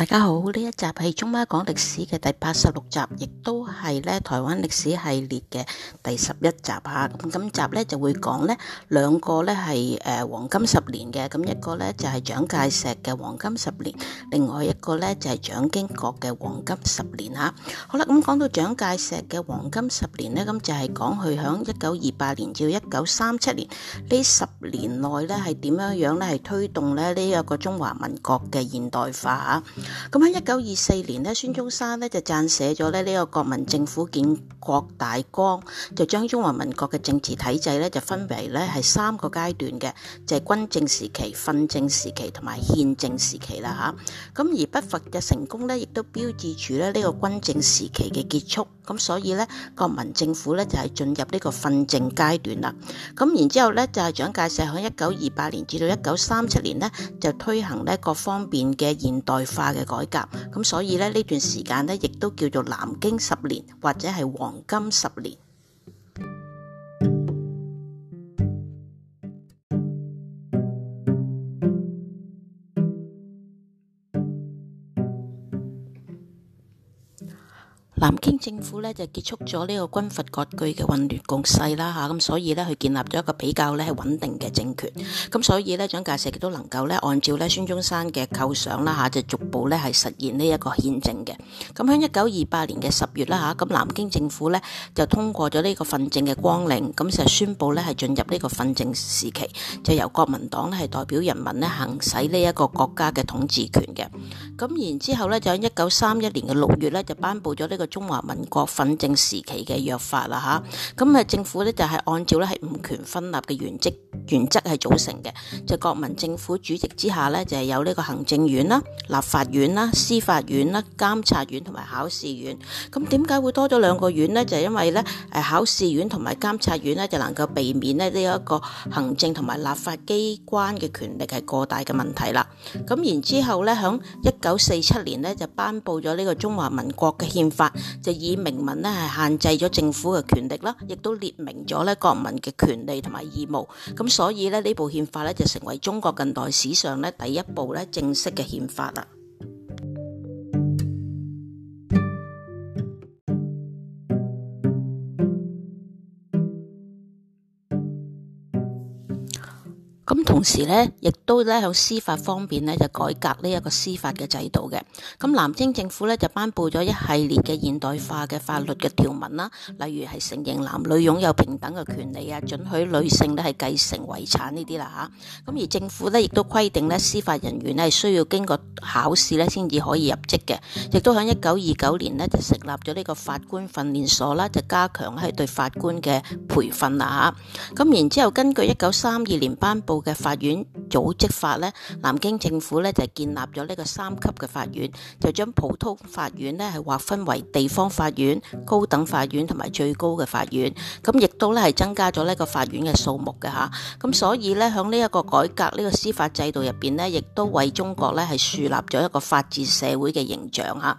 大家好，呢一集係中媽講歷史嘅第八十六集，亦都係咧台灣歷史系列嘅第十一集啊！咁今集咧就會講呢兩個咧係誒黃金十年嘅，咁一個咧就係蔣介石嘅黃金十年，另外一個咧就係蔣經國嘅黃金十年啊！好啦，咁講到蔣介石嘅黃金十年咧，咁就係講佢響一九二八年至一九三七年呢十年內咧係點樣樣咧係推動咧呢一個中華民國嘅現代化啊！咁喺一九二四年咧，孫中山咧就撰寫咗咧呢個《國民政府建國大綱》，就將中華民國嘅政治體制咧就分為咧係三個階段嘅，就係、是、軍政時期、訓政時期同埋憲政時期啦嚇。咁而北伐嘅成功咧，亦都標誌住咧呢個軍政時期嘅結束。咁所以咧，國民政府咧就係進入個訓階呢個訓政階段啦。咁然之後咧，就係、是、蔣介石喺一九二八年至到一九三七年咧就推行呢各方面嘅現代化嘅。改革。咁，所以咧，呢段時間咧，亦都叫做南京十年，或者係黃金十年。南京政府咧就結束咗呢個軍閥割據嘅混亂局勢啦吓，咁所以咧佢建立咗一個比較咧係穩定嘅政權，咁所以咧蔣介石亦都能夠咧按照咧孫中山嘅構想啦吓，就逐步咧係實現呢一個憲政嘅。咁喺一九二八年嘅十月啦吓，咁南京政府咧就通過咗呢個訓政嘅綱領，咁就宣布咧係進入呢個訓政時期，就由國民黨咧係代表人民咧行使呢一個國家嘅統治權嘅。咁然之後咧就喺一九三一年嘅六月咧就頒佈咗呢個。中華民國憲政時期嘅約法啦吓，咁啊政府咧就係按照咧係五權分立嘅原則原則係組成嘅，就國民政府主席之下咧就係有呢個行政院啦、立法院啦、司法院啦、監察院同埋考試院。咁點解會多咗兩個院呢？就係因為咧誒考試院同埋監察院咧就能夠避免咧呢一個行政同埋立法機關嘅權力係過大嘅問題啦。咁然之後咧，響一九四七年咧就頒布咗呢個中華民國嘅憲法。就以明文咧係限制咗政府嘅權力啦，亦都列明咗咧國民嘅權利同埋義務，咁所以呢呢部憲法咧就成為中國近代史上咧第一部咧正式嘅憲法啦。 同時咧，亦都咧喺司法方面咧就改革呢一個司法嘅制度嘅。咁南京政府咧就頒佈咗一系列嘅現代化嘅法律嘅條文啦，例如係承認男女擁有平等嘅權利啊，准許女性咧係繼承遺產呢啲啦吓。咁而政府咧亦都規定咧司法人員咧係需要經過考試咧先至可以入職嘅。亦都喺一九二九年呢，就成立咗呢個法官訓練所啦，就加強係對法官嘅培訓啦吓。咁然之後根據一九三二年頒佈嘅法院組織法咧，南京政府咧就建立咗呢個三級嘅法院，就將普通法院咧係劃分為地方法院、高等法院同埋最高嘅法院。咁亦都咧係增加咗呢個法院嘅數目嘅吓。咁所以咧響呢一個改革呢個司法制度入邊咧，亦都為中國咧係樹立咗一個法治社會嘅形象吓。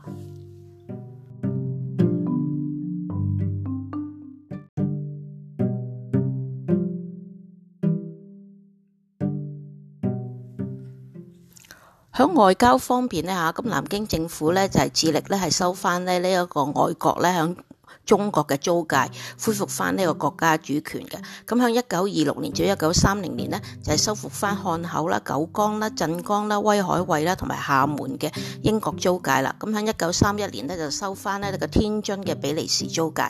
喺外交方面呢，吓，咁南京政府呢，就係致力呢，係收翻呢，呢一個外國呢，響。中國嘅租界恢復翻呢個國家主權嘅，咁喺一九二六年至一九三零年呢，就係收復翻漢口啦、九江啦、鎮江啦、威海衛啦同埋廈門嘅英國租界啦。咁喺一九三一年呢，就收翻呢個天津嘅比利時租界。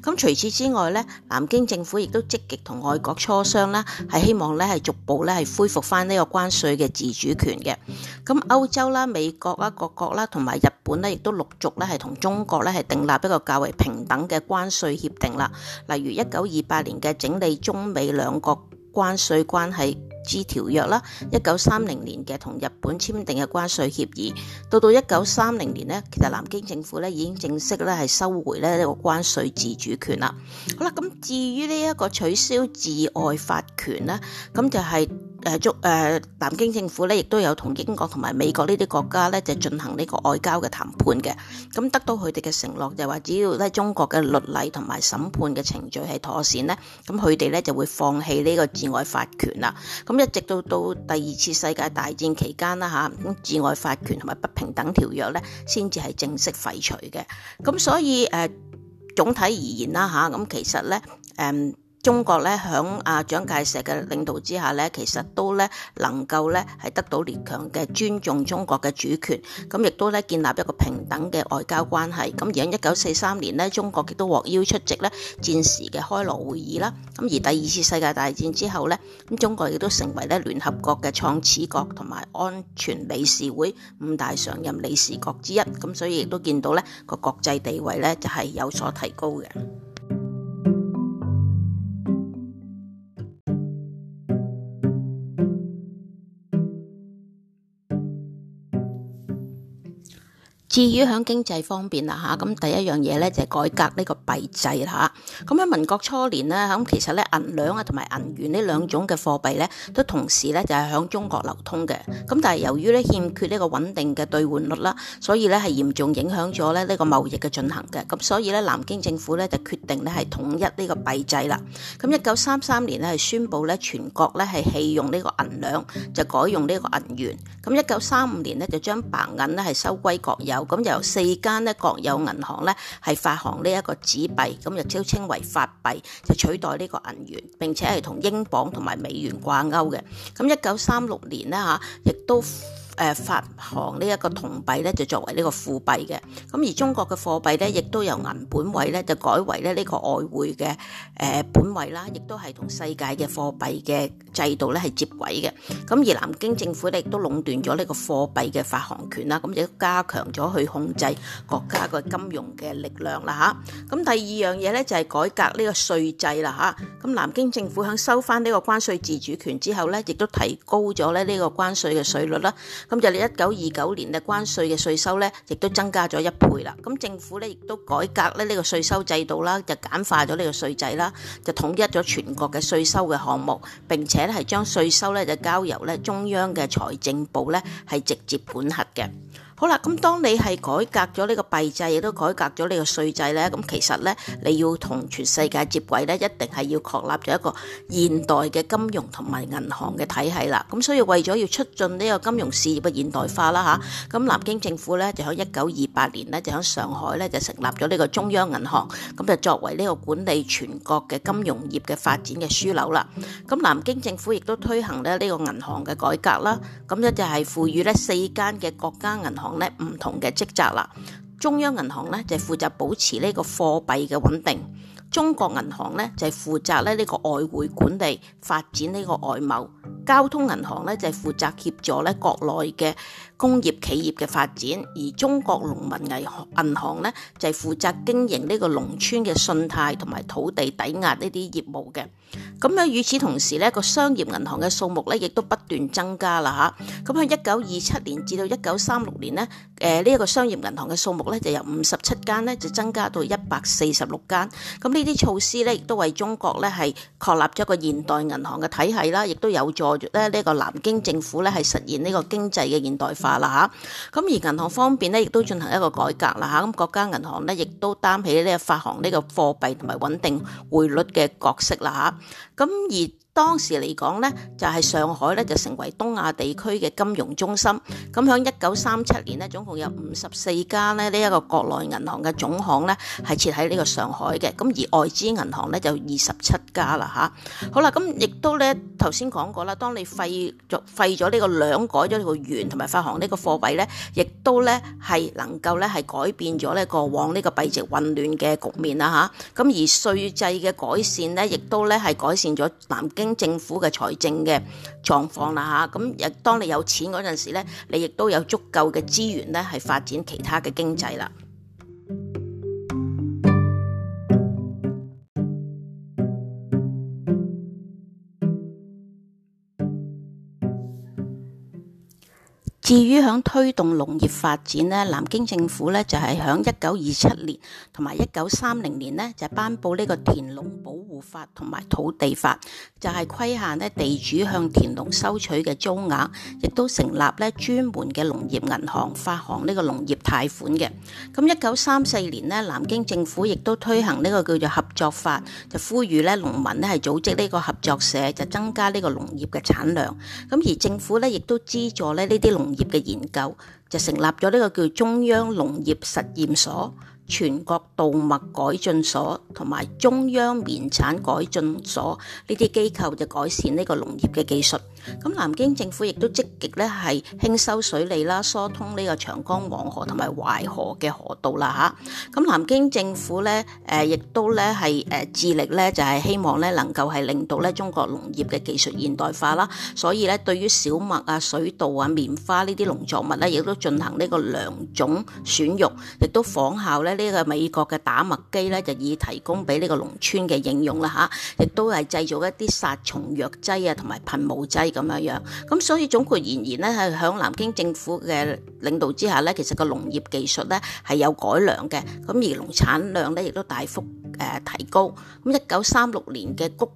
咁除此之外呢，南京政府亦都積極同外國磋商啦，係希望咧係逐步咧係恢復翻呢個關稅嘅自主權嘅。咁歐洲啦、美國啦各國啦同埋日本呢，亦都陸續咧係同中國咧係訂立一個較為平等嘅關稅協定啦，例如一九二八年嘅《整理中美兩國關稅關係之條約啦，一九三零年嘅同日本簽訂嘅關稅協議，到到一九三零年呢，其實南京政府咧已經正式咧係收回咧呢個關稅自主權啦。好啦，咁至於呢一個取消自外法權呢，咁就係、是。誒足誒南京政府咧，亦都有同英國同埋美國呢啲國家咧，就進行呢個外交嘅談判嘅。咁得到佢哋嘅承諾就，就話只要咧中國嘅律例同埋審判嘅程序係妥善咧，咁佢哋咧就會放棄呢個治外法權啦。咁一直到到第二次世界大戰期間啦嚇，咁治外法權同埋不平等條約咧，先至係正式廢除嘅。咁所以誒、呃、總體而言啦嚇，咁、啊、其實咧誒。嗯中國咧喺阿蔣介石嘅領導之下咧，其實都咧能夠咧係得到列強嘅尊重，中國嘅主權咁亦都咧建立一個平等嘅外交關係。咁而喺一九四三年咧，中國亦都獲邀出席咧戰時嘅開羅會議啦。咁而第二次世界大戰之後咧，咁中國亦都成為咧聯合國嘅創始國同埋安全理事會五大常任理事國之一。咁所以亦都見到呢個國際地位咧就係有所提高嘅。至於喺經濟方面啦嚇，咁第一樣嘢咧就係改革呢個幣制嚇。咁喺民國初年呢，咁其實咧銀兩啊同埋銀元呢兩種嘅貨幣咧，都同時咧就係喺中國流通嘅。咁但係由於咧欠缺呢個穩定嘅兌換率啦，所以咧係嚴重影響咗咧呢個貿易嘅進行嘅。咁所以咧南京政府咧就決定咧係統一呢個幣制啦。咁一九三三年咧係宣布咧全國咧係棄用呢個銀兩，就改用呢個銀元。咁一九三五年呢就將白銀咧係收歸國有。咁由四間咧國有銀行咧係發行呢一個紙幣，咁亦都稱為法幣，就取代呢個銀元，並且係同英鎊同埋美元掛鈎嘅。咁一九三六年咧吓亦都。誒發行呢一個銅幣咧，就作為呢個貨幣嘅。咁而中國嘅貨幣咧，亦都由銀本位咧，就改為咧呢個外匯嘅誒本位啦，亦都係同世界嘅貨幣嘅制度咧係接軌嘅。咁而南京政府呢，亦都壟斷咗呢個貨幣嘅發行權啦，咁亦都加強咗去控制國家嘅金融嘅力量啦嚇。咁第二樣嘢咧就係改革呢個稅制啦嚇。咁南京政府喺收翻呢個關稅自主權之後咧，亦都提高咗咧呢個關稅嘅稅率啦。咁就你一九二九年嘅關稅嘅稅收咧，亦都增加咗一倍啦。咁政府咧，亦都改革咧呢個稅收制度啦，就簡化咗呢個稅制啦，就統一咗全國嘅稅收嘅項目，並且咧係將稅收咧就交由咧中央嘅財政部咧係直接管轄嘅。好啦，咁當你係改革咗呢個幣制，亦都改革咗呢個稅制咧，咁其實咧，你要同全世界接軌咧，一定係要確立咗一個現代嘅金融同埋銀行嘅體系啦。咁所以為咗要促進呢個金融事業嘅現代化啦，吓咁南京政府咧就喺一九二八年咧，就喺上海咧就成立咗呢個中央銀行，咁就作為呢個管理全國嘅金融業嘅發展嘅樞紐啦。咁南京政府亦都推行咧呢個銀行嘅改革啦，咁咧就係賦予呢四間嘅國家銀行。唔同嘅職責啦，中央銀行咧就負責保持呢個貨幣嘅穩定，中國銀行咧就負責咧呢個外匯管理，發展呢個外貿。交通銀行咧就係負責協助咧國內嘅工業企業嘅發展，而中國農民銀行銀行咧就係負責經營呢個農村嘅信貸同埋土地抵押呢啲業務嘅。咁樣與此同時咧，呢個商業銀行嘅數目咧亦都不斷增加啦吓，咁喺一九二七年至到一九三六年呢，誒呢一個商業銀行嘅數目咧就由五十七間咧就增加到一百四十六間。咁呢啲措施咧亦都為中國咧係確立咗一個現代銀行嘅體系啦，亦都有助呢個南京政府咧係實現呢個經濟嘅現代化啦嚇，咁而銀行方面咧亦都進行一個改革啦嚇，咁國家銀行咧亦都擔起呢個發行呢個貨幣同埋穩定匯率嘅角色啦嚇，咁而當時嚟講呢就係、是、上海咧就成為東亞地區嘅金融中心。咁響一九三七年呢總共有五十四家咧呢一個國內銀行嘅總行呢係設喺呢個上海嘅。咁而外資銀行27呢，就二十七家啦吓。好啦，咁亦都呢頭先講過啦，當你廢咗廢咗呢個兩改咗呢個元，同埋發行呢個貨幣呢亦都呢係能夠呢係改變咗呢個往呢個幣值混亂嘅局面啦吓。咁、啊、而稅制嘅改善呢，亦都呢係改善咗南。經政府嘅財政嘅狀況啦吓，咁當你有錢嗰陣時咧，你亦都有足夠嘅資源咧，係發展其他嘅經濟啦。至於響推動農業發展咧，南京政府咧就係響一九二七年同埋一九三零年咧就頒布呢個田農保護法同埋土地法，就係規限咧地主向田農收取嘅租額，亦都成立咧專門嘅農業銀行發行呢個農業貸款嘅。咁一九三四年咧，南京政府亦都推行呢個叫做合作法，就呼籲咧農民咧係組織呢個合作社，就增加呢個農業嘅產量。咁而政府咧亦都資助咧呢啲農業嘅研究就成立咗呢個叫中央農業實驗所、全國稻麥改進所同埋中央棉產改進所呢啲機構，就改善呢個農業嘅技術。咁南京政府亦都積極咧係興修水利啦，疏通呢個長江、黃河同埋淮河嘅河道啦嚇。咁南京政府咧，誒亦都咧係誒致力咧就係希望咧能夠係令到咧中國農業嘅技術現代化啦。所以咧對於小麥啊、水稻啊、棉花呢啲農作物咧，亦都進行呢個良種選育，亦都仿效咧呢個美國嘅打麥機咧，就以提供俾呢個農村嘅應用啦嚇。亦都係製造一啲殺蟲藥劑啊同埋噴霧劑。咁樣樣，咁所以總括而言咧，喺響南京政府嘅領導之下咧，其實個農業技術咧係有改良嘅，咁而農產量咧亦都大幅誒、呃、提高。咁一九三六年嘅穀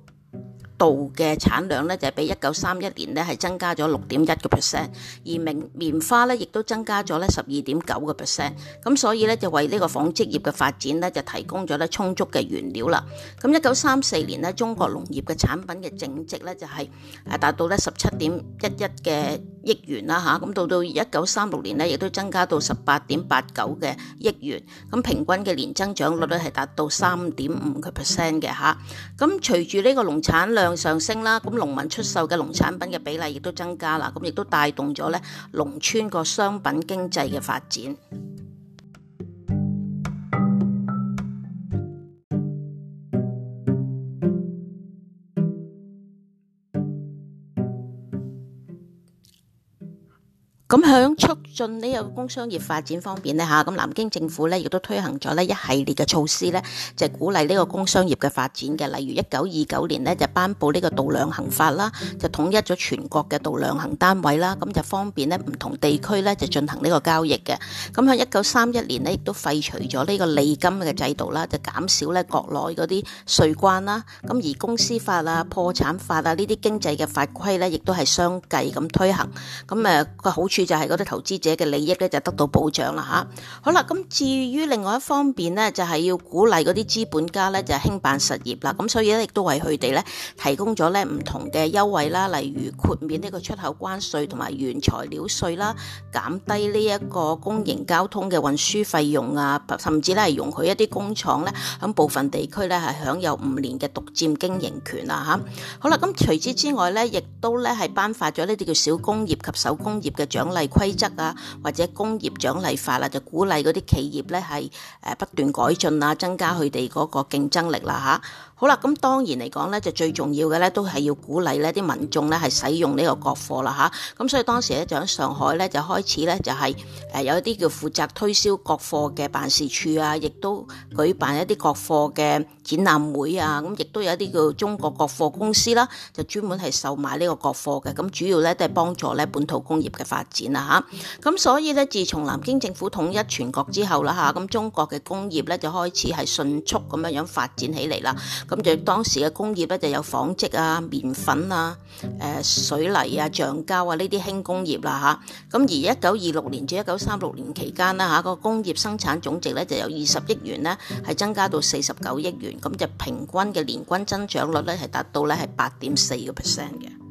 度嘅產量咧就係比一九三一年咧係增加咗六點一個 percent，而明棉花咧亦都增加咗咧十二點九個 percent，咁所以咧就為呢個紡織業嘅發展咧就提供咗咧充足嘅原料啦。咁一九三四年咧中國農業嘅產品嘅淨值咧就係係達到咧十七點一一嘅億元啦吓，咁到到一九三六年咧亦都增加到十八點八九嘅億元，咁平均嘅年增長率咧係達到三點五個 percent 嘅吓，咁隨住呢個農產量。量上升啦，咁農民出售嘅農產品嘅比例亦都增加啦，咁亦都帶動咗咧農村個商品經濟嘅發展。咁喺促進呢個工商業發展方面咧吓，咁南京政府咧亦都推行咗咧一系列嘅措施咧，就係鼓勵呢個工商業嘅發展嘅。例如一九二九年咧就頒布呢個度量衡法啦，就統一咗全國嘅度量衡單位啦，咁就方便咧唔同地區咧就進行呢個交易嘅。咁喺一九三一年咧亦都廢除咗呢個厘金嘅制度啦，就減少咧國內嗰啲稅關啦。咁而公司法啊、破產法啊呢啲經濟嘅法規咧，亦都係相繼咁推行。咁誒個好處。就係嗰啲投資者嘅利益咧，就得到保障啦吓。好啦，咁至於另外一方面呢，就係要鼓勵嗰啲資本家咧，就興辦實業啦。咁所以咧，亦都為佢哋咧提供咗咧唔同嘅優惠啦，例如豁免呢個出口關稅同埋原材料稅啦，減低呢一個公營交通嘅運輸費用啊，甚至咧係容許一啲工廠咧喺部分地區咧係享有五年嘅獨佔經營權啦吓。好啦，咁除此之外咧，亦都咧係頒發咗呢啲叫小工業及手工業嘅獎獎勵規則啊，或者工業獎勵法啦，就鼓勵嗰啲企業咧係誒不斷改進啊，增加佢哋嗰個競爭力啦吓。好啦，咁當然嚟講咧，就最重要嘅咧，都係要鼓勵呢啲民眾咧係使用呢個國貨啦吓，咁所以當時咧就喺上海咧就開始咧就係誒有一啲叫負責推銷國貨嘅辦事處啊，亦都舉辦一啲國貨嘅展覽會啊。咁亦都有一啲叫中國國貨公司啦，就專門係售賣呢個國貨嘅。咁主要咧都係幫助咧本土工業嘅發展啦吓，咁所以咧，自從南京政府統一全國之後啦吓，咁中國嘅工業咧就開始係迅速咁樣樣發展起嚟啦。咁就當時嘅工業咧，就有紡織啊、麵粉啊、誒、呃、水泥啊、橡膠啊呢啲輕工業啦嚇。咁、啊、而一九二六年至一九三六年期間啦嚇，個、啊、工業生產總值咧就有二十億元咧，係增加到四十九億元，咁就平均嘅年均增長率咧係達到咧係八點四個 percent 嘅。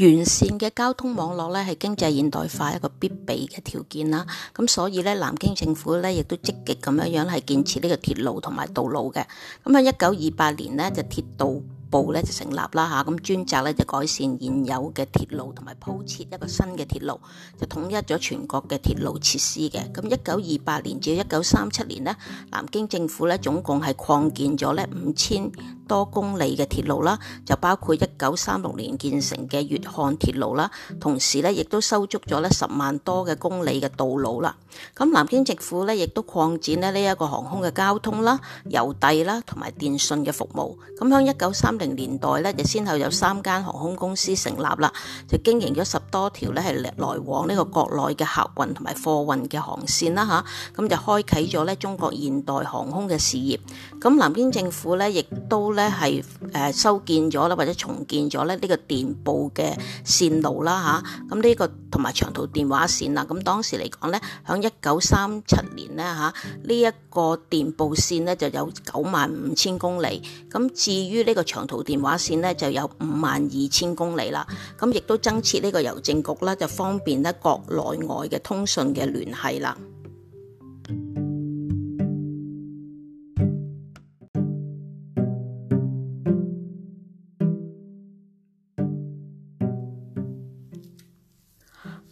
完善嘅交通網絡咧，係經濟現代化一個必備嘅條件啦。咁所以咧，南京政府咧亦都積極咁樣樣係建設呢個鐵路同埋道路嘅。咁喺一九二八年呢，就鐵道部咧就成立啦吓，咁專責咧就改善現有嘅鐵路同埋鋪設一個新嘅鐵路，就統一咗全國嘅鐵路設施嘅。咁一九二八年至一九三七年呢，南京政府咧總共係擴建咗咧五千多公里嘅鐵路啦，就包括一九三六年建成嘅粵漢鐵路啦。同時咧，亦都收足咗咧十萬多嘅公里嘅道路啦。咁南京政府咧，亦都擴展咧呢一個航空嘅交通啦、郵遞啦同埋電訊嘅服務，咁響一九三零年代咧，就先後有三間航空公司成立啦，就經營咗十多條咧係來往呢個國內嘅客運同埋貨運嘅航線啦吓，咁就開啟咗咧中國現代航空嘅事業，咁南京政府咧，亦都。咧係誒，修建咗啦，或者重建咗咧，呢、這個電報嘅線路啦吓，咁、啊、呢、啊這個同埋長途電話線啦，咁、啊、當時嚟講咧，響一九三七年咧吓，呢、啊、一、這個電報線咧就有九萬五千公里，咁、啊、至於呢個長途電話線咧就有五萬二千公里啦，咁、啊、亦都增設呢個郵政局啦、啊，就方便咧國內外嘅通訊嘅聯繫啦。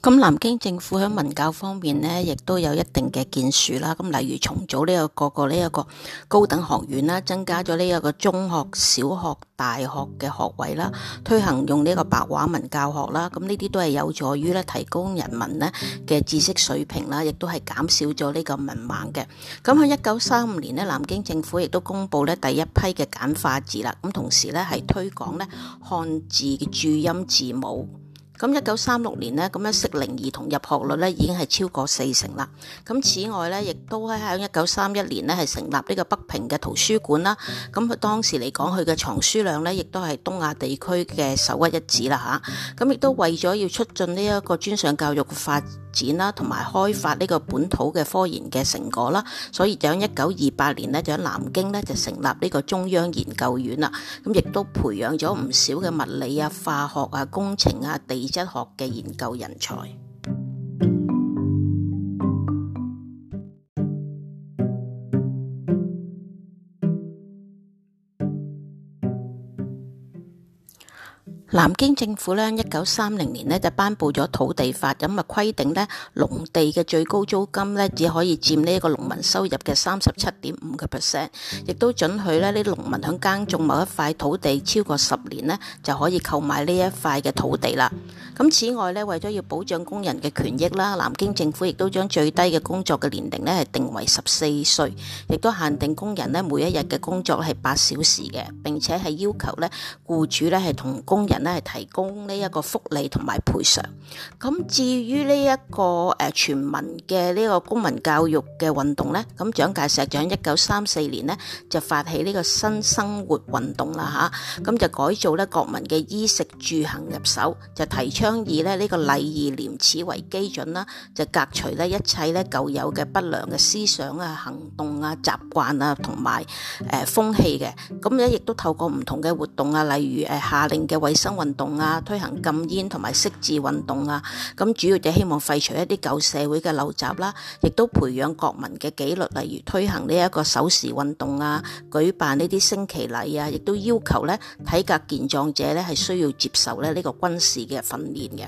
咁南京政府喺文教方面咧，亦都有一定嘅建樹啦。咁例如重組呢個各個呢一個高等學院啦，增加咗呢一個中學、小學、大學嘅學位啦，推行用呢個白話文教學啦。咁呢啲都係有助於咧提供人民呢嘅知識水平啦，亦都係減少咗呢個文盲嘅。咁喺一九三五年呢，南京政府亦都公布咧第一批嘅簡化字啦。咁同時咧係推廣咧漢字嘅注音字母。咁一九三六年呢，咁樣適齡兒童入學率呢已經係超過四成啦。咁此外呢，亦都喺喺一九三一年呢係成立呢個北平嘅圖書館啦。咁佢當時嚟講，佢嘅藏書量呢亦都係東亞地區嘅首屈一指啦吓。咁亦都為咗要促進呢一個專上教育嘅發展啦，同埋開發呢個本土嘅科研嘅成果啦，所以就喺一九二八年呢，就喺南京呢就成立呢個中央研究院啦。咁亦都培養咗唔少嘅物理啊、化學啊、工程啊、地質學嘅研究人才。南京政府咧，一九三零年咧就頒布咗土地法，咁啊規定咧，農地嘅最高租金咧只可以佔呢一個農民收入嘅三十七點五個 percent，亦都准許咧啲農民響耕種某一塊土地超過十年咧就可以購買呢一塊嘅土地啦。咁此外咧，為咗要保障工人嘅權益啦，南京政府亦都將最低嘅工作嘅年齡咧係定為十四歲，亦都限定工人咧每一日嘅工作係八小時嘅，並且係要求咧雇主咧係同工人。咧係提供呢一個福利同埋賠償。咁至於呢一個誒全民嘅呢個公民教育嘅運動呢，咁蔣介石就喺一九三四年呢，就發起呢個新生活運動啦嚇。咁就改造呢國民嘅衣食住行入手，就提倡以咧呢個禮義廉恥為基準啦，就革除咧一切咧舊有嘅不良嘅思想啊、行動啊、習慣啊同埋誒風氣嘅。咁咧亦都透過唔同嘅活動啊，例如誒下令嘅衛生。運動啊，推行禁煙同埋識字運動啊，咁主要就希望廢除一啲舊社會嘅陋習啦，亦都培養國民嘅紀律，例如推行呢一個守時運動啊，舉辦呢啲升旗禮啊，亦都要求咧體格健壯者咧係需要接受咧呢個軍事嘅訓練嘅。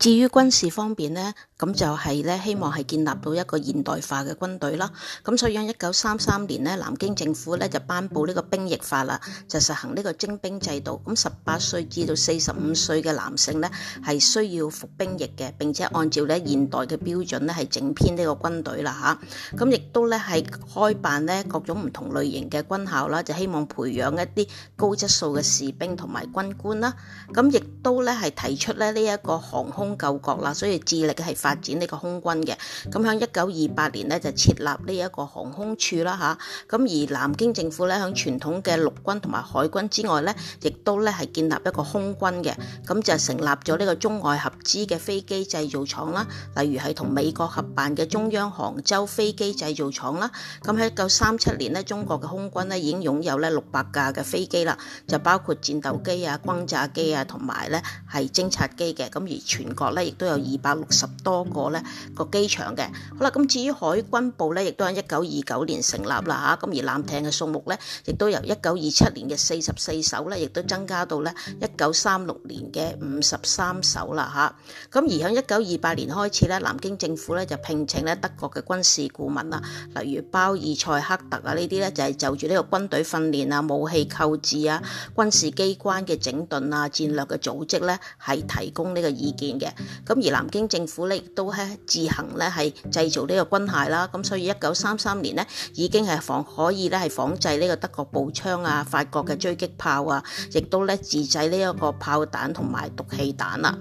至於軍事方面呢，咁就係咧希望係建立到一個現代化嘅軍隊啦。咁所以喺一九三三年呢，南京政府咧就頒布呢個兵役法啦，就實行呢個徵兵制度。咁十八歲至到四十五歲嘅男性呢係需要服兵役嘅，並且按照咧現代嘅標準咧係整編呢個軍隊啦嚇。咁亦都咧係開辦咧各種唔同類型嘅軍校啦，就希望培養一啲高質素嘅士兵同埋軍官啦。咁亦都咧係提出咧呢一個航空。救國啦，所以致力係發展呢個空軍嘅。咁喺一九二八年呢，就設立呢一個航空處啦吓。咁而南京政府咧喺傳統嘅陸軍同埋海軍之外咧，亦都咧係建立一個空軍嘅。咁就成立咗呢個中外合資嘅飛機製造廠啦。例如係同美國合辦嘅中央杭州飛機製造廠啦。咁喺一九三七年呢，中國嘅空軍咧已經擁有呢六百架嘅飛機啦，就包括戰鬥機啊、轟炸機啊同埋咧係偵察機嘅。咁而全國咧亦都有二百六十多個咧個機場嘅，好啦，咁至於海軍部咧，亦都喺一九二九年成立啦嚇，咁而艦艇嘅數目咧，亦都由一九二七年嘅四十四艘咧，亦都增加到咧一九三六年嘅五十三艘啦嚇，咁而喺一九二八年開始咧，南京政府咧就聘請咧德國嘅軍事顧問啊，例如鮑爾塞克特啊呢啲咧就係就住呢個軍隊訓練啊、武器購置啊、軍事機關嘅整頓啊、戰略嘅組織咧，係提供呢個意見嘅。咁而南京政府咧亦都咧自行咧係製造呢個軍械啦，咁所以一九三三年咧已經係仿可以咧係仿製呢個德國步槍啊、法國嘅追擊炮啊，亦都咧自製呢一個炮彈同埋毒氣彈啦。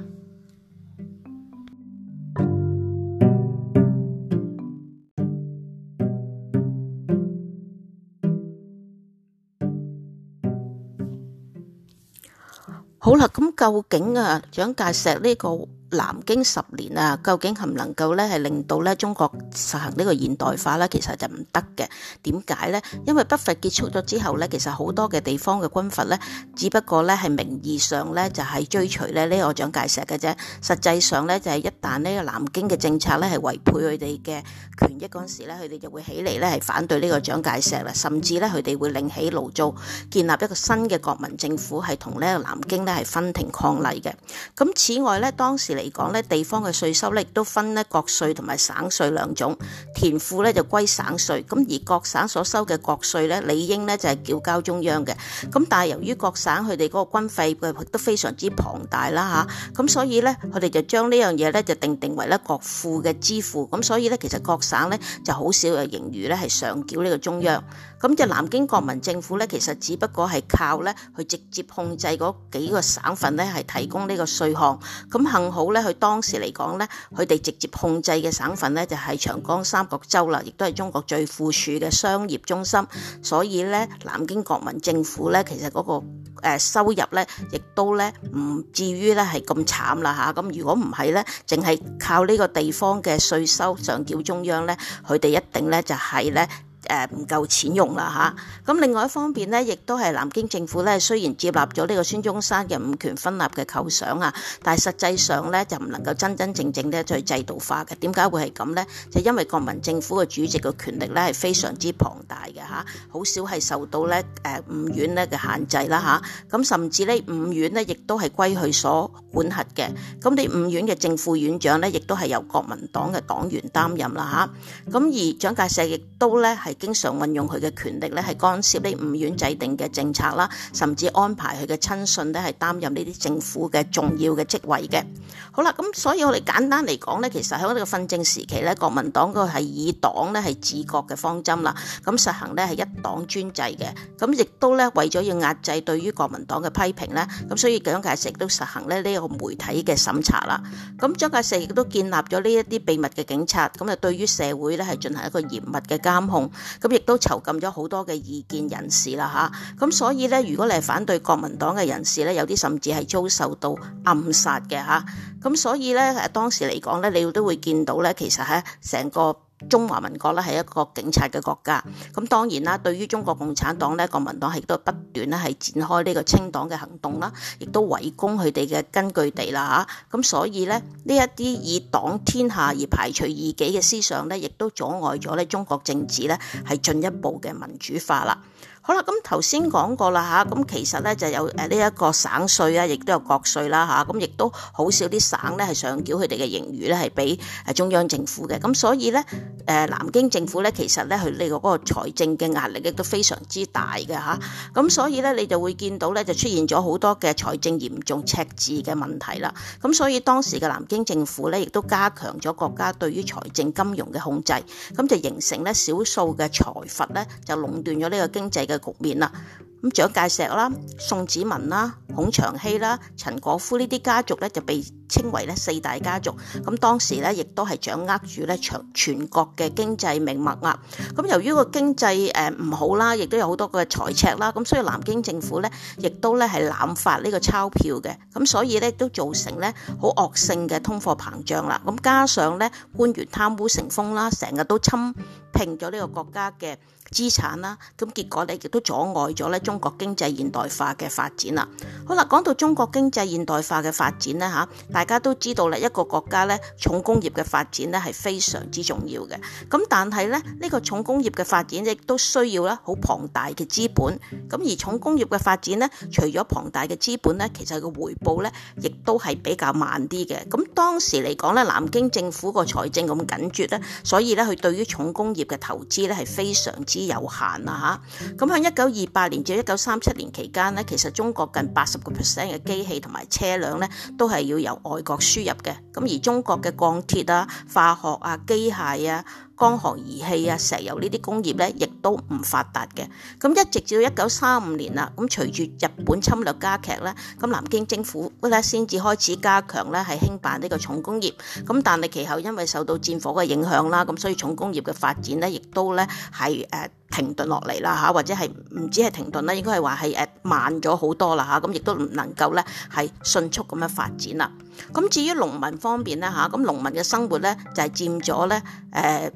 好啦，咁究竟啊，蔣介石呢個？南京十年啊，究竟能唔能夠咧係令到咧中國實行呢個現代化咧？其實就唔得嘅。點解咧？因為北伐、er、結束咗之後咧，其實好多嘅地方嘅軍閥咧，只不過咧係名義上咧就係追隨咧呢個蔣介石嘅啫。實際上咧就係一旦呢個南京嘅政策咧係違背佢哋嘅權益嗰陣時咧，佢哋就會起嚟咧係反對呢個蔣介石啦，甚至咧佢哋會另起爐灶，建立一個新嘅國民政府係同呢個南京咧係分庭抗禮嘅。咁此外咧，當時。嚟講咧，地方嘅稅收咧亦都分咧國稅同埋省稅兩種，田賦咧就歸省稅，咁而各省所收嘅國稅咧理應咧就係繳交中央嘅，咁但係由於各省佢哋嗰個軍費都非常之龐大啦吓，咁所以咧佢哋就將呢樣嘢咧就定定為咧國庫嘅支付，咁所以咧其實各省咧就好少有盈餘咧係上繳呢個中央。咁就南京國民政府咧，其實只不過係靠咧去直接控制嗰幾個省份咧，係提供呢個稅項。咁幸好咧，佢當時嚟講咧，佢哋直接控制嘅省份咧就係、是、長江三角洲啦，亦都係中國最富庶嘅商業中心。所以咧，南京國民政府咧，其實嗰、那個、呃、收入咧，亦都咧唔至於咧係咁慘啦吓。咁、啊、如果唔係咧，淨係靠呢個地方嘅稅收上繳中央咧，佢哋一定咧就係、是、咧。誒唔、呃、夠錢用啦嚇，咁、啊、另外一方面呢，亦都係南京政府咧，雖然接納咗呢個孫中山嘅五權分立嘅構想啊，但係實際上咧就唔能夠真真正正咧去制度化嘅。點解會係咁呢？就因為國民政府嘅主席嘅權力咧係非常之龐大嘅嚇，好、啊、少係受到咧誒、呃、五院咧嘅限制啦嚇。咁、啊、甚至呢五院呢，亦都係歸佢所管轄嘅。咁你五院嘅正副院長呢，亦都係由國民黨嘅黨員擔任啦嚇。咁、啊、而蔣介石亦都咧係。經常運用佢嘅權力咧，係干涉呢五院制定嘅政策啦，甚至安排佢嘅親信咧係擔任呢啲政府嘅重要嘅職位嘅。好啦，咁所以我哋簡單嚟講咧，其實喺我哋嘅訓政時期咧，國民黨嗰個係以黨咧係治國嘅方針啦，咁實行咧係一黨專制嘅。咁亦都咧為咗要壓制對於國民黨嘅批評咧，咁所以蔣介石亦都實行咧呢個媒體嘅審查啦。咁蔣介石亦都建立咗呢一啲秘密嘅警察，咁就對於社會咧係進行一個嚴密嘅監控。咁亦都囚禁咗好多嘅異見人士啦吓，咁所以咧，如果你係反對國民黨嘅人士咧，有啲甚至係遭受到暗殺嘅吓，咁所以咧，當時嚟講咧，你都會見到咧，其實喺成個中華民國咧係一個警察嘅國家，咁當然啦，對於中國共產黨咧，國民黨亦都不斷咧係展開呢個清黨嘅行動啦，亦都圍攻佢哋嘅根據地啦嚇，咁所以咧，呢一啲以黨天下而排除異己嘅思想咧，亦都阻礙咗咧中國政治咧係進一步嘅民主化啦。好啦，咁頭先講過啦吓，咁其實咧就有誒呢一個省稅啊，亦都有國稅啦吓，咁亦都好少啲省咧係上繳佢哋嘅盈餘咧係俾誒中央政府嘅，咁所以咧誒南京政府咧其實咧佢呢個嗰個財政嘅壓力咧都非常之大嘅吓，咁所以咧你就會見到咧就出現咗好多嘅財政嚴重赤字嘅問題啦，咁所以當時嘅南京政府咧亦都加強咗國家對於財政金融嘅控制，咁就形成咧少數嘅財閥咧就壟斷咗呢個經濟嘅局面啦，咁蔣介石啦、宋子文啦、孔祥熙啦、陳果夫呢啲家族咧，就被稱為咧四大家族。咁當時咧，亦都係掌握住咧全全國嘅經濟命脈啦。咁由於個經濟誒唔好啦，亦都有好多嘅財赤啦。咁所以南京政府咧，亦都咧係濫發呢個鈔票嘅。咁所以咧都造成咧好惡性嘅通貨膨脹啦。咁加上咧官員貪污成風啦，成日都侵平咗呢個國家嘅。資產啦，咁結果咧亦都阻礙咗咧中國經濟現代化嘅發展啦。好啦，講到中國經濟現代化嘅發展呢，嚇，大家都知道啦，一個國家咧重工業嘅發展咧係非常之重要嘅。咁但係咧呢個重工業嘅發展亦都需要咧好龐大嘅資本。咁而重工業嘅發展呢，除咗龐大嘅資本呢，其實個回報呢亦都係比較慢啲嘅。咁當時嚟講呢，南京政府個財政咁緊絀呢，所以呢，佢對於重工業嘅投資呢係非常之有限啊，吓，咁喺一九二八年至一九三七年期間咧，其實中國近八十個 percent 嘅機器同埋車輛咧，都係要由外國輸入嘅。咁而中國嘅鋼鐵啊、化學啊、機械啊。江河儀器啊、石油呢啲工業咧，亦都唔發達嘅。咁一直至到一九三五年啦，咁隨住日本侵略加劇咧，咁南京政府呢，先至開始加強咧，係興辦呢個重工業。咁但係其後因為受到戰火嘅影響啦，咁所以重工業嘅發展咧，亦都咧係誒停頓落嚟啦嚇，或者係唔止係停頓啦，應該係話係誒慢咗好多啦嚇。咁亦都唔能夠咧係迅速咁樣發展啦。咁至於農民方面咧嚇，咁農民嘅生活咧就係佔咗咧、呃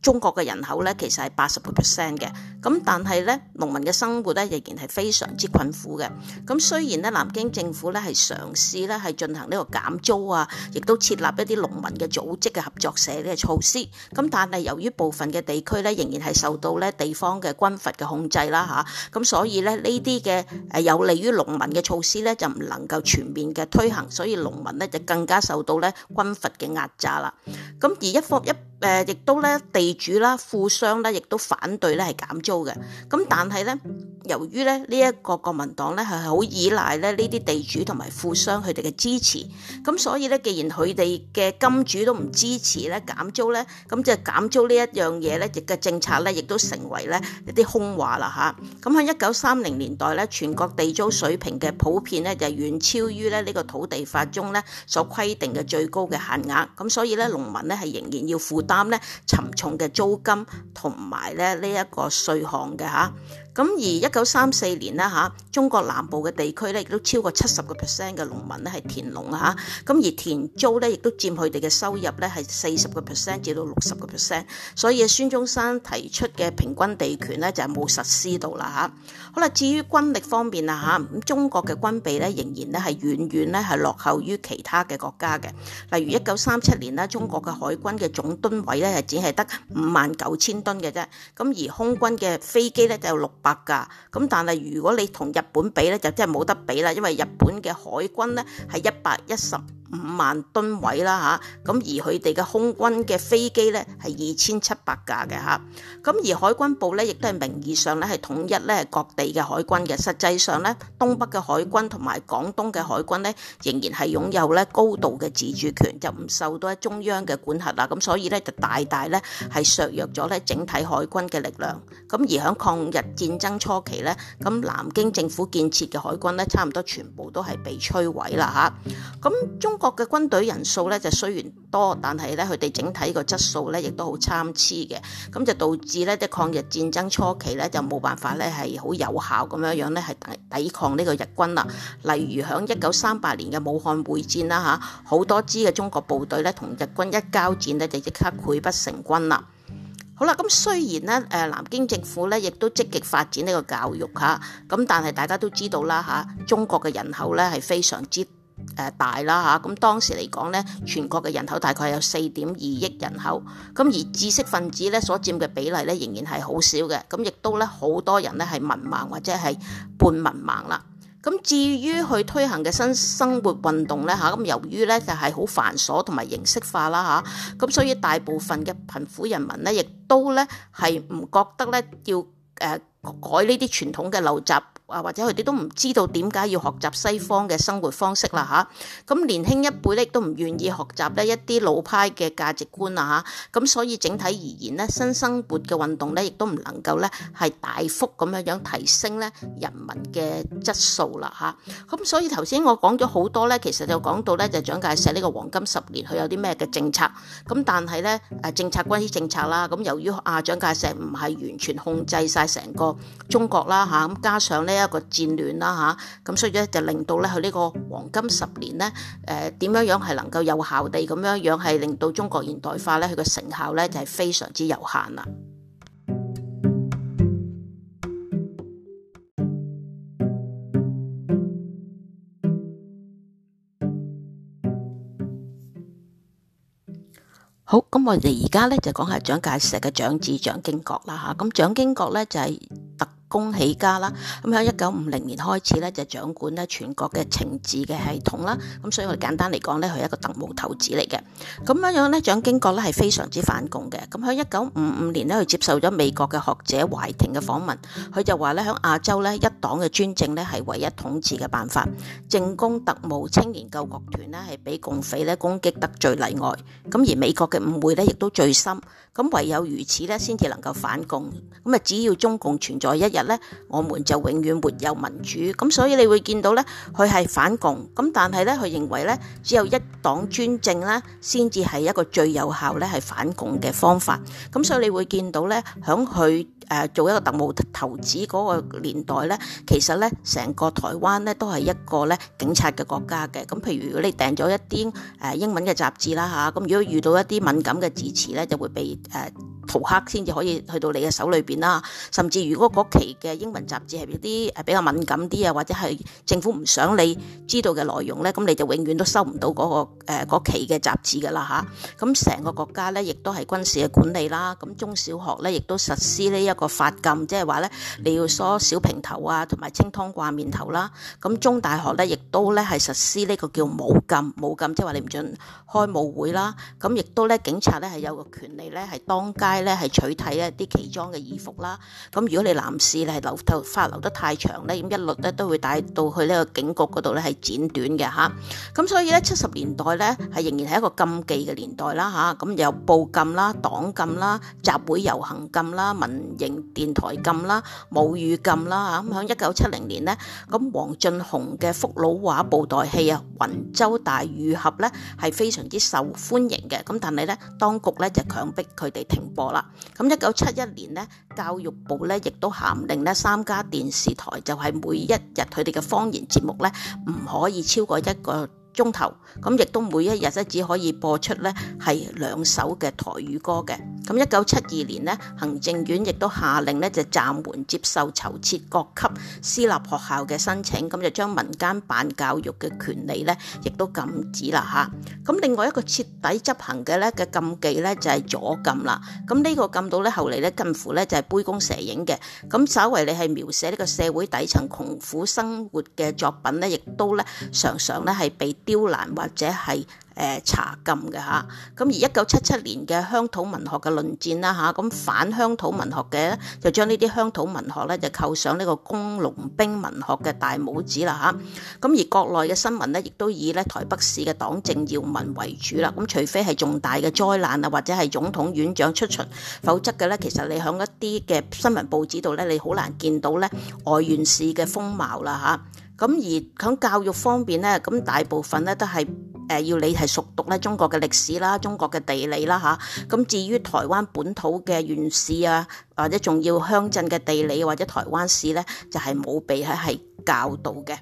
中國嘅人口咧其實係八十個 percent 嘅，咁但係咧農民嘅生活咧仍然係非常之困苦嘅。咁雖然咧南京政府咧係嘗試咧係進行呢個減租啊，亦都設立一啲農民嘅組織嘅合作社呢嘅措施，咁但係由於部分嘅地區咧仍然係受到咧地方嘅軍閥嘅控制啦吓，咁所以咧呢啲嘅誒有利於農民嘅措施咧就唔能夠全面嘅推行，所以農民咧就更加受到咧軍閥嘅壓榨啦。咁而一方一誒亦、呃、都咧地業主啦、富商咧，亦都反對咧係減租嘅，咁但係咧。由於咧呢一個國民黨咧係好依賴咧呢啲地主同埋富商佢哋嘅支持，咁所以咧既然佢哋嘅金主都唔支持咧減租咧，咁即係減租呢一樣嘢咧，亦嘅政策咧亦都成為咧一啲空話啦吓，咁喺一九三零年代咧，全國地租水平嘅普遍咧就遠超於咧呢個土地法中咧所規定嘅最高嘅限額，咁所以咧農民咧係仍然要負擔咧沉重嘅租金同埋咧呢一個稅項嘅嚇。咁而一九三四年啦吓，中國南部嘅地區咧，亦都超過七十個 percent 嘅農民咧係田農啊嚇。咁而田租咧，亦都佔佢哋嘅收入咧係四十個 percent 至到六十個 percent。所以孫中山提出嘅平均地權咧，就係冇實施到啦吓，好啦，至於軍力方面啊吓，咁中國嘅軍備咧仍然咧係遠遠咧係落後於其他嘅國家嘅。例如一九三七年啦，中國嘅海軍嘅總噸位咧係只係得五萬九千噸嘅啫。咁而空軍嘅飛機咧就有六百。噶，咁但係如果你同日本比咧，就真係冇得比啦，因為日本嘅海軍咧係一百一十。五萬噸位啦吓。咁而佢哋嘅空軍嘅飛機呢，係二千七百架嘅吓。咁而海軍部呢，亦都係名義上呢，係統一呢各地嘅海軍嘅，實際上呢，東北嘅海軍同埋廣東嘅海軍呢，仍然係擁有呢高度嘅自主權，就唔受到中央嘅管轄啦，咁所以呢，就大大呢係削弱咗呢整體海軍嘅力量，咁而喺抗日戰爭初期呢，咁南京政府建設嘅海軍呢，差唔多全部都係被摧毀啦吓。咁中。中國嘅軍隊人數咧就雖然多，但係咧佢哋整體個質素咧亦都好參差嘅，咁就導致咧啲抗日戰爭初期咧就冇辦法咧係好有效咁樣樣咧係抵抗呢個日軍啦。例如響一九三八年嘅武漢會戰啦吓，好多支嘅中國部隊咧同日軍一交戰呢，就即刻潰不成軍啦。好啦，咁雖然咧誒南京政府咧亦都積極發展呢個教育吓，咁但係大家都知道啦吓，中國嘅人口咧係非常之。呃、大啦嚇、咁、啊、當時嚟講咧，全國嘅人口大概有四點二億人口，咁而知識分子咧所佔嘅比例咧仍然係好少嘅，咁、啊、亦都咧好多人咧係文盲或者係半文盲啦。咁、啊、至於去推行嘅新生活運動咧嚇、咁、啊、由於咧就係好繁瑣同埋形式化啦嚇、咁、啊啊、所以大部分嘅貧苦人民咧亦都咧係唔覺得咧要、呃、改呢啲傳統嘅陋習。啊，或者佢哋都唔知道點解要學習西方嘅生活方式啦嚇，咁年輕一輩咧都唔願意學習呢一啲老派嘅價值觀啦嚇，咁所以整體而言呢，新生活嘅運動咧亦都唔能夠咧係大幅咁樣樣提升咧人民嘅質素啦嚇，咁所以頭先我講咗好多咧，其實就講到咧就蔣介石呢個黃金十年佢有啲咩嘅政策，咁但係咧誒政策關於政策啦，咁由於啊蔣介石唔係完全控制晒成個中國啦嚇，咁加上咧。一個戰亂啦，吓咁所以咧就令到咧佢呢個黃金十年咧，誒點樣樣係能夠有效地咁樣樣係令到中國現代化咧，佢個成效咧就係非常之有限啦。好，咁我哋而家咧就講下蔣介石嘅長子蔣經國啦，吓咁蔣經國咧就係特。恭喜家啦，咁喺一九五零年開始咧就掌管咧全國嘅情治嘅系統啦，咁所以我哋簡單嚟講咧，佢係一個特務頭子嚟嘅。咁樣樣咧，蔣經國咧係非常之反共嘅。咁喺一九五五年呢，佢接受咗美國嘅學者懷廷嘅訪問，佢就話咧喺亞洲咧，一黨嘅專政呢係唯一統治嘅辦法。政工特務青年救國團呢係俾共匪咧攻擊得最厲害，咁而美國嘅誤會咧亦都最深，咁唯有如此咧先至能夠反共。咁啊，只要中共存在一日。日咧，我們就永遠沒有民主，咁所以你會見到咧，佢係反共，咁但係咧，佢認為咧，只有一黨專政咧，先至係一個最有效咧，係反共嘅方法，咁所以你會見到咧，響佢誒做一個特務頭子嗰個年代咧，其實咧，成個台灣咧都係一個咧警察嘅國家嘅，咁譬如如果你訂咗一啲誒、呃、英文嘅雜誌啦吓，咁如果遇到一啲敏感嘅字詞咧，就會被誒塗、呃、黑，先至可以去到你嘅手裏邊啦，甚至如果嗰期。嘅英文雜誌係有啲比較敏感啲啊，或者係政府唔想你知道嘅內容咧，咁你就永遠都收唔到嗰、那個誒嗰、呃、期嘅雜誌噶啦吓，咁、啊、成個國家咧，亦都係軍事嘅管理啦。咁中小學咧，亦都實施呢一個髮禁，即係話咧你要梳小平頭啊，同埋清湯掛麵頭啦。咁中大學咧，亦都咧係實施呢個叫舞禁，舞禁即係話你唔准開舞會啦。咁亦都咧，警察咧係有個權利咧係當街咧係取締一啲奇裝嘅衣服啦。咁如果你男士，你係留頭髮留得太長咧，咁一律咧都會帶到去呢個警局嗰度咧，係剪短嘅嚇。咁所以咧，七十年代咧係仍然係一個禁忌嘅年代啦嚇。咁有報禁啦、黨禁啦、集會遊行禁啦、民營電台禁啦、母語禁啦嚇，咁響一九七零年呢，咁黃俊雄嘅福佬話布袋戲啊，《雲州大儒俠》咧係非常之受歡迎嘅。咁但係咧，當局咧就強迫佢哋停播啦。咁一九七一年呢。教育部咧，亦都限定咧，三家電視台就係每一日佢哋嘅方言節目咧，唔可以超過一個鐘頭咁，亦都每一日咧，只可以播出咧係兩首嘅台語歌嘅。咁一九七二年呢，行政院亦都下令呢，就暫緩接受籌設各級私立學校嘅申請，咁就將民間辦教育嘅權利呢，亦都禁止啦吓，咁另外一個徹底執行嘅咧嘅禁忌呢，就係、是、左禁啦。咁呢個禁到咧後嚟咧近乎咧就係、是、杯弓蛇影嘅。咁稍為你係描寫呢個社會底層窮苦生活嘅作品呢，亦都咧常常咧係被刁難或者係誒、呃、查禁嘅嚇，咁而一九七七年嘅鄉土文學嘅論戰啦嚇，咁反鄉土文學嘅就將呢啲鄉土文學咧就扣上呢個工農兵文學嘅大帽子啦嚇，咁而國內嘅新聞咧亦都以咧台北市嘅黨政要聞為主啦，咁除非係重大嘅災難啊，或者係總統院長出巡，否則嘅咧其實你響一啲嘅新聞報紙度咧你好難見到咧外縣市嘅風貌啦嚇。咁而喺教育方面咧，咁大部分咧都係誒要你係熟讀咧中國嘅歷史啦、中國嘅地理啦吓，咁至於台灣本土嘅縣市啊，或者仲要鄉鎮嘅地理或者台灣史咧，就係、是、冇畀係教導嘅。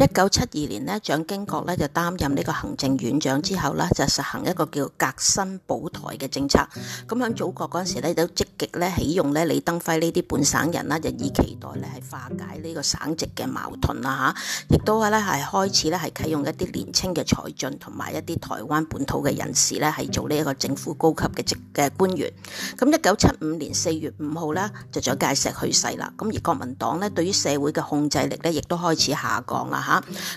一九七二年呢蔣經國呢就擔任呢個行政院長之後呢就實行一個叫革新保台嘅政策。咁喺祖國嗰陣時都積極咧起用咧李登輝呢啲本省人啦，日以期待咧係化解呢個省籍嘅矛盾啦嚇。亦都咧係開始咧係啟用一啲年輕嘅才俊同埋一啲台灣本土嘅人士咧，係做呢一個政府高級嘅職嘅官員。咁一九七五年四月五號呢，就蔣介石去世啦。咁而國民黨呢對於社會嘅控制力咧，亦都開始下降啦。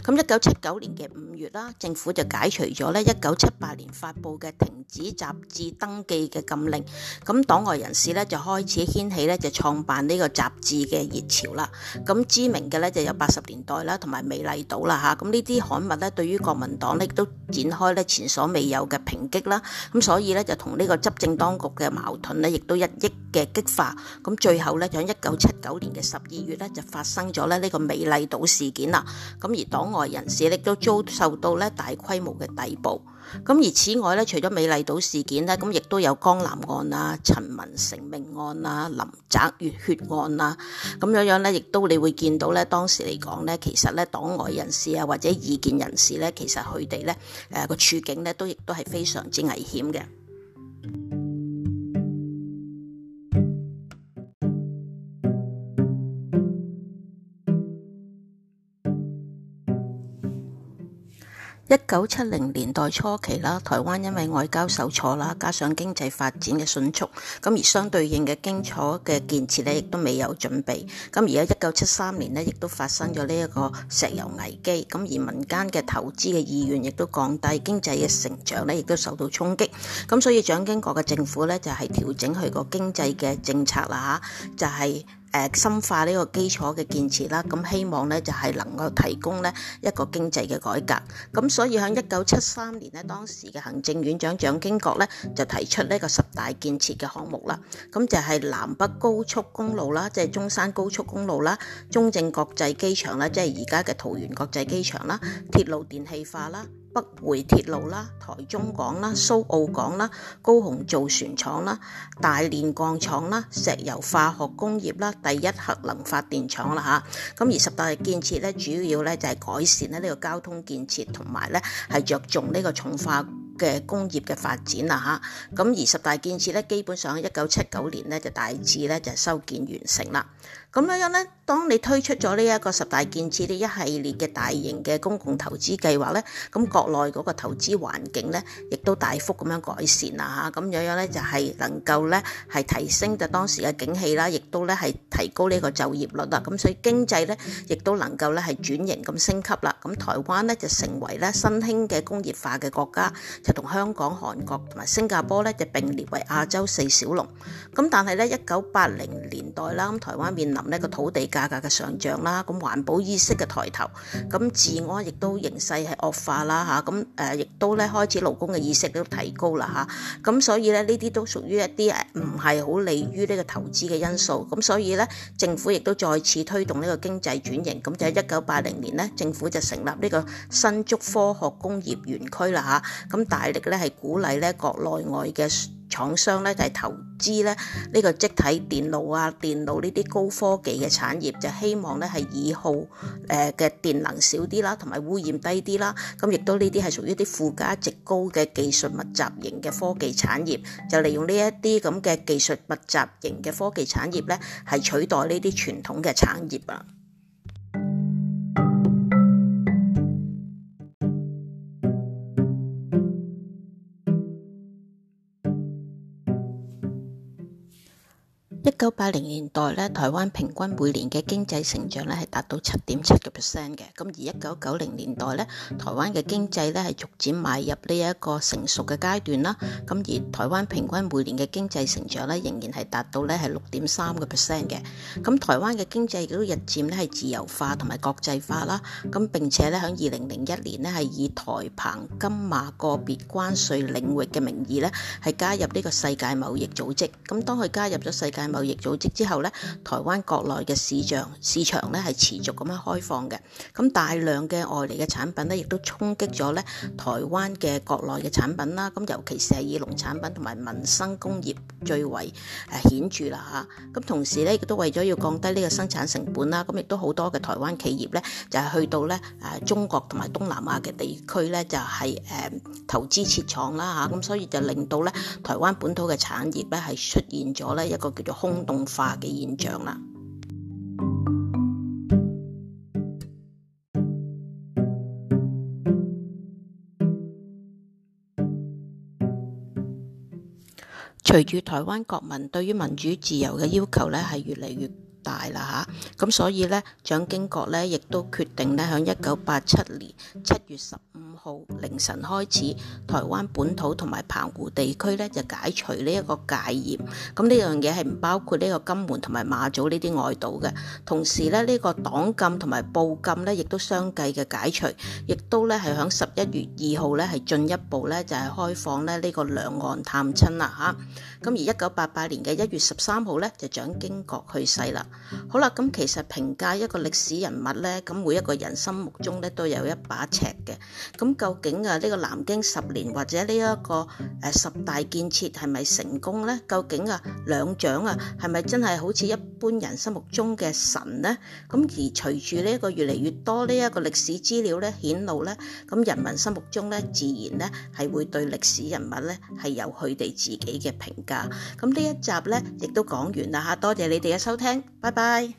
咁一九七九年嘅五月啦，政府就解除咗咧一九七八年發布嘅停止雜誌登記嘅禁令，咁黨外人士咧就開始掀起咧就創辦呢個雜誌嘅熱潮啦。咁知名嘅咧就有八十年代啦，同埋美麗島啦吓，咁呢啲刊物咧對於國民黨呢亦都展開咧前所未有嘅抨擊啦。咁所以咧就同呢個執政當局嘅矛盾呢，亦都一益嘅激化。咁最後咧喺一九七九年嘅十二月咧就發生咗咧呢個美麗島事件啦。咁而黨外人士亦都遭受到咧大規模嘅逮捕。咁而此外咧，除咗美麗島事件咧，咁亦都有江南案啦、陳文成命案啦、林宅血案啦，咁樣樣咧，亦都你會見到咧，當時嚟講咧，其實咧，黨外人士啊或者異見人士咧，其實佢哋咧誒個處境咧，都亦都係非常之危險嘅。一九七零年代初期啦，台灣因為外交受挫啦，加上經濟發展嘅迅速，咁而相對應嘅基礎嘅建設咧亦都未有準備。咁而家一九七三年呢，亦都發生咗呢一個石油危機。咁而民間嘅投資嘅意願亦都降低，經濟嘅成長咧亦都受到衝擊。咁所以蔣經國嘅政府咧就係調整佢個經濟嘅政策啦嚇，就係、是。深化呢個基礎嘅建設啦，咁希望呢，就係能夠提供呢一個經濟嘅改革，咁所以喺一九七三年呢，當時嘅行政院長蔣經國呢，就提出呢個十大建設嘅項目啦，咁就係南北高速公路啦，即係中山高速公路啦，中正國際機場啦，即係而家嘅桃園國際機場啦，鐵路電氣化啦。北回鐵路啦、台中港啦、蘇澳港啦、高雄造船廠啦、大煉鋼廠啦、石油化學工業啦、第一核能發電廠啦吓。咁而十大建設咧，主要咧就係改善咧呢個交通建設，同埋咧係着重呢個重化嘅工業嘅發展啦吓。咁而十大建設咧，基本上一九七九年咧就大致咧就修建完成啦。咁樣樣咧，當你推出咗呢一個十大建設呢一系列嘅大型嘅公共投資計劃咧，咁國內嗰個投資環境咧，亦都大幅咁樣改善啦吓，咁樣樣咧就係能夠咧係提升就當時嘅景氣啦，亦都咧係提高呢個就業率啦，咁所以經濟咧亦都能夠咧係轉型咁升級啦，咁台灣咧就成為咧新興嘅工業化嘅國家，就同香港、韓國同埋新加坡咧就並列為亞洲四小龍。咁但係咧，一九八零年代啦，咁台灣面呢個土地價格嘅上漲啦，咁環保意識嘅抬頭，咁治安亦都形勢係惡化啦吓，咁誒亦都咧開始勞工嘅意識都提高啦吓，咁所以咧呢啲都屬於一啲唔係好利於呢個投資嘅因素，咁所以咧政府亦都再次推動呢個經濟轉型，咁就喺一九八零年咧政府就成立呢個新竹科學工業園區啦吓，咁大力咧係鼓勵咧國內外嘅廠商咧就係、是、投資咧呢、這個積體電路啊、電腦呢啲高科技嘅產業，就希望咧係以耗誒嘅電能少啲啦，同埋污染低啲啦。咁亦都呢啲係屬於啲附加值高嘅技術密集型嘅科技產業，就利用呢一啲咁嘅技術密集型嘅科技產業咧，係取代呢啲傳統嘅產業啊。一九八零年代咧，台灣平均每年嘅經濟成長咧係達到七點七個 percent 嘅。咁而一九九零年代咧，台灣嘅經濟咧係逐漸邁入呢一個成熟嘅階段啦。咁而台灣平均每年嘅經濟成長咧仍然係達到咧係六點三個 percent 嘅。咁台灣嘅經濟亦都日漸咧係自由化同埋國際化啦。咁並且咧喺二零零一年呢，係以台澎金馬個別關稅領域嘅名義咧係加入呢個世界貿易組織。咁當佢加入咗世界貿易組織之後咧，台灣國內嘅市場市場咧係持續咁樣開放嘅，咁大量嘅外嚟嘅產品咧，亦都衝擊咗咧台灣嘅國內嘅產品啦。咁尤其是係以農產品同埋民生工業最為誒顯著啦嚇。咁同時咧，亦都為咗要降低呢個生產成本啦，咁亦都好多嘅台灣企業咧，就係去到咧誒中國同埋東南亞嘅地區咧，就係誒投資設廠啦嚇。咁所以就令到咧台灣本土嘅產業咧係出現咗咧一個叫做空洞化嘅現象啦。隨住台灣國民對於民主自由嘅要求咧，係越嚟越大啦嚇。咁所以呢，蔣經國呢亦都決定呢，響一九八七年七月十號凌晨開始，台灣本土同埋澎湖地區咧，就解除呢一個戒嚴，咁呢樣嘢係唔包括呢個金門同埋馬祖呢啲外島嘅。同時咧，呢個黨禁同埋報禁咧亦都相繼嘅解除，亦都咧係響十一月二號咧係進一步咧就係開放咧呢個兩岸探親啦吓。咁、啊、而一九八八年嘅一月十三號咧就蔣經國去世啦。好啦，咁其實評價一個歷史人物咧，咁每一個人心目中咧都有一把尺嘅，咁。究竟啊呢個南京十年或者呢一個誒十大建設係咪成功呢？究竟啊兩蔣啊係咪真係好似一般人心目中嘅神呢？咁而隨住呢一個越嚟越多呢一個歷史資料咧顯露呢，咁人民心目中咧自然咧係會對歷史人物咧係有佢哋自己嘅評價。咁呢一集咧亦都講完啦吓，多謝你哋嘅收聽，拜拜。